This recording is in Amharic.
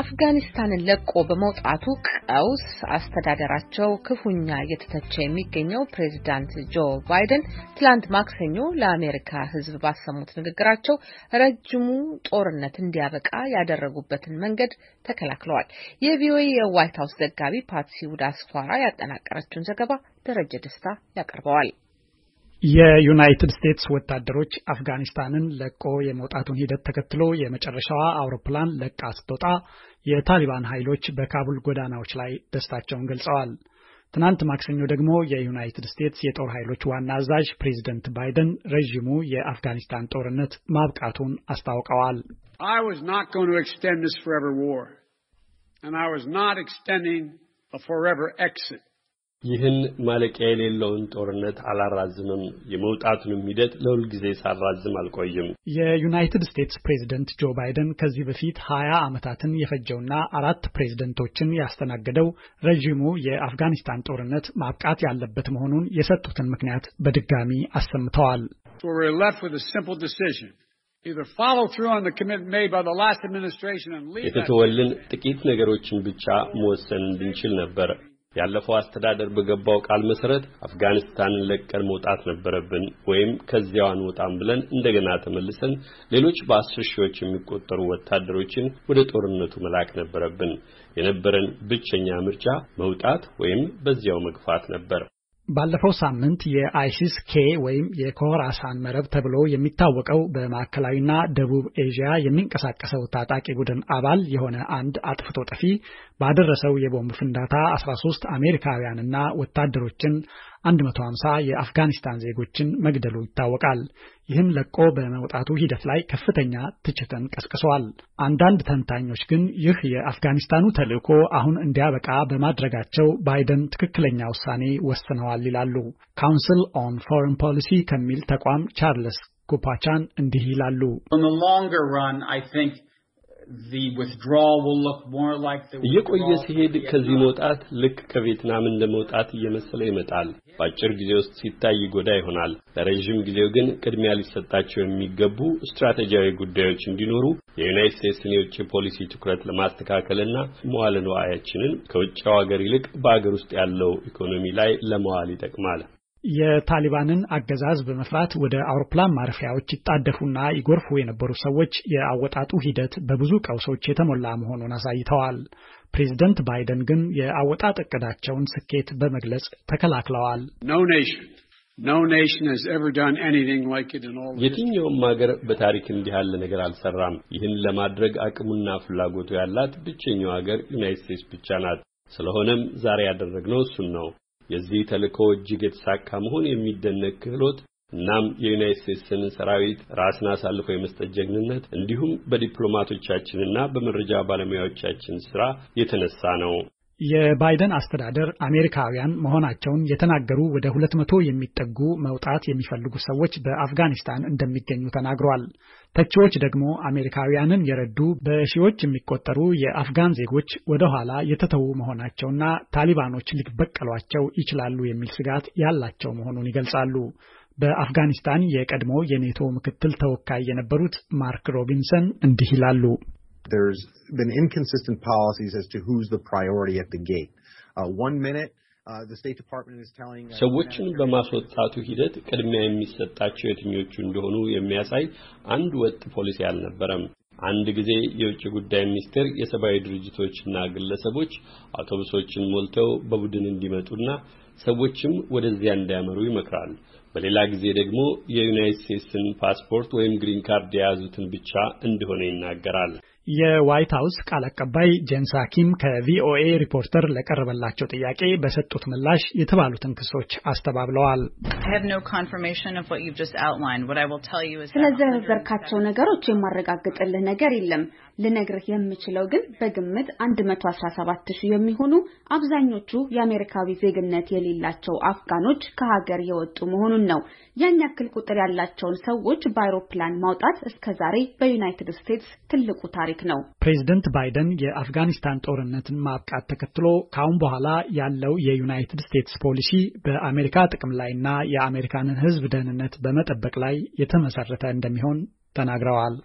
አፍጋኒስታንን ለቆ በመውጣቱ ቀውስ አስተዳደራቸው ክፉኛ እየተተቸ የሚገኘው ፕሬዚዳንት ጆ ባይደን ትላንት ማክሰኞ ለአሜሪካ ሕዝብ ባሰሙት ንግግራቸው ረጅሙ ጦርነት እንዲያበቃ ያደረጉበትን መንገድ ተከላክለዋል። የቪኦኤ የዋይት ሀውስ ዘጋቢ ፓትሲ ውዳስኳራ ያጠናቀረችውን ዘገባ ደረጀ ደስታ ያቀርበዋል። የዩናይትድ ስቴትስ ወታደሮች አፍጋኒስታንን ለቆ የመውጣቱን ሂደት ተከትሎ የመጨረሻዋ አውሮፕላን ለቃ ስትወጣ የታሊባን ኃይሎች በካቡል ጎዳናዎች ላይ ደስታቸውን ገልጸዋል። ትናንት ማክሰኞ ደግሞ የዩናይትድ ስቴትስ የጦር ኃይሎች ዋና አዛዥ ፕሬዚደንት ባይደን ረዥሙ የአፍጋኒስታን ጦርነት ማብቃቱን አስታውቀዋል። I was not ይህን ማለቂያ የሌለውን ጦርነት አላራዝምም፣ የመውጣቱንም ሂደት ለሁል ጊዜ ሳራዝም አልቆይም። የዩናይትድ ስቴትስ ፕሬዚደንት ጆ ባይደን ከዚህ በፊት ሀያ ዓመታትን የፈጀውና አራት ፕሬዚደንቶችን ያስተናገደው ረዥሙ የአፍጋኒስታን ጦርነት ማብቃት ያለበት መሆኑን የሰጡትን ምክንያት በድጋሚ አሰምተዋል። የተተወልን ጥቂት ነገሮችን ብቻ መወሰን እንድንችል ነበር። ያለፈው አስተዳደር በገባው ቃል መሰረት አፍጋኒስታንን ለቀን መውጣት ነበረብን ወይም ከዚያው አንወጣም ብለን እንደገና ተመልሰን ሌሎች በአስር ሺዎች የሚቆጠሩ ወታደሮችን ወደ ጦርነቱ መላክ ነበረብን። የነበረን ብቸኛ ምርጫ መውጣት ወይም በዚያው መግፋት ነበር። ባለፈው ሳምንት የአይሲስ ኬ ወይም የኮራሳን መረብ ተብሎ የሚታወቀው በማዕከላዊና ደቡብ ኤዥያ የሚንቀሳቀሰው ታጣቂ ቡድን አባል የሆነ አንድ አጥፍቶ ጠፊ ባደረሰው የቦምብ ፍንዳታ 13 አሜሪካውያንና ወታደሮችን 150 የአፍጋኒስታን ዜጎችን መግደሉ ይታወቃል። ይህም ለቆ በመውጣቱ ሂደት ላይ ከፍተኛ ትችትን ቀስቅሰዋል። አንዳንድ ተንታኞች ግን ይህ የአፍጋኒስታኑ ተልዕኮ አሁን እንዲያበቃ በማድረጋቸው ባይደን ትክክለኛ ውሳኔ ወስነዋል ይላሉ። ካውንስል ኦን ፎሬን ፖሊሲ ከሚል ተቋም ቻርልስ ኩፓቻን እንዲህ ይላሉ። እየቆየ ሲሄድ ከዚህ መውጣት ልክ ከቬትናም እንደ መውጣት እየመሰለ ይመጣል። በአጭር ጊዜ ውስጥ ሲታይ ይጎዳ ይሆናል። ለረዥም ጊዜው ግን ቅድሚያ ሊሰጣቸው የሚገቡ ስትራቴጂያዊ ጉዳዮች እንዲኖሩ የዩናይት ስቴትስን የውጭ ፖሊሲ ትኩረት ለማስተካከልና መዋለ ንዋያችንን ከውጭው ሀገር ይልቅ በአገር ውስጥ ያለው ኢኮኖሚ ላይ ለመዋል ይጠቅማል። የታሊባንን አገዛዝ በመፍራት ወደ አውሮፕላን ማረፊያዎች ይጣደፉና ይጎርፉ የነበሩ ሰዎች የአወጣጡ ሂደት በብዙ ቀውሶች የተሞላ መሆኑን አሳይተዋል። ፕሬዚደንት ባይደን ግን የአወጣጥ እቅዳቸውን ስኬት በመግለጽ ተከላክለዋል። የትኛውም ሀገር በታሪክ እንዲህ ያለ ነገር አልሰራም። ይህን ለማድረግ አቅሙና ፍላጎቱ ያላት ብቸኛው ሀገር ዩናይት ስቴትስ ብቻ ናት። ስለሆነም ዛሬ ያደረግነው እሱን ነው። የዚህ ተልእኮ እጅግ የተሳካ መሆን የሚደነቅ ክህሎት እናም የዩናይት ስቴትስን ሰራዊት ራስን አሳልፎ የመስጠት ጀግንነት እንዲሁም በዲፕሎማቶቻችንና በመረጃ ባለሙያዎቻችን ስራ የተነሳ ነው። የባይደን አስተዳደር አሜሪካውያን መሆናቸውን የተናገሩ ወደ ሁለት መቶ የሚጠጉ መውጣት የሚፈልጉ ሰዎች በአፍጋኒስታን እንደሚገኙ ተናግሯል። ተቺዎች ደግሞ አሜሪካውያንን የረዱ በሺዎች የሚቆጠሩ የአፍጋን ዜጎች ወደኋላ የተተዉ መሆናቸውና ታሊባኖች ሊበቀሏቸው ይችላሉ የሚል ስጋት ያላቸው መሆኑን ይገልጻሉ። በአፍጋኒስታን የቀድሞ የኔቶ ምክትል ተወካይ የነበሩት ማርክ ሮቢንሰን እንዲህ ይላሉ። there's been inconsistent policies as to who's the priority at the gate. Uh, one minute uh, ሰዎችን በማስወጣቱ ሂደት ቅድሚያ የሚሰጣቸው የትኞቹ እንደሆኑ የሚያሳይ አንድ ወጥ ፖሊሲ አልነበረም። አንድ ጊዜ የውጭ ጉዳይ ሚኒስቴር የሰብአዊ ድርጅቶችና ግለሰቦች አውቶቡሶችን ሞልተው በቡድን እንዲመጡና ሰዎችም ወደዚያ እንዲያመሩ ይመክራል። በሌላ ጊዜ ደግሞ የዩናይትድ ስቴትስን ፓስፖርት ወይም ግሪን ካርድ የያዙትን ብቻ እንደሆነ ይናገራል። የዋይት ሀውስ ቃል አቀባይ ጄን ሳኪም ከቪኦኤ ሪፖርተር ለቀረበላቸው ጥያቄ በሰጡት ምላሽ የተባሉትን ክሶች አስተባብለዋል። ስለዘረዘርካቸው ነገሮች የማረጋግጥልህ ነገር የለም። ልነግርህ የምችለው ግን በግምት 117 ሺህ የሚሆኑ አብዛኞቹ የአሜሪካዊ ዜግነት የሌላቸው አፍጋኖች ከሀገር የወጡ መሆኑን ነው። ያን ያክል ቁጥር ያላቸውን ሰዎች በአውሮፕላን ማውጣት እስከዛሬ በዩናይትድ ስቴትስ ትልቁ ታሪክ ታሪክ ነው። ፕሬዚደንት ባይደን የአፍጋኒስታን ጦርነትን ማብቃት ተከትሎ ካአሁን በኋላ ያለው የዩናይትድ ስቴትስ ፖሊሲ በአሜሪካ ጥቅም ላይና የአሜሪካንን ሕዝብ ደህንነት በመጠበቅ ላይ የተመሰረተ እንደሚሆን ተናግረዋል።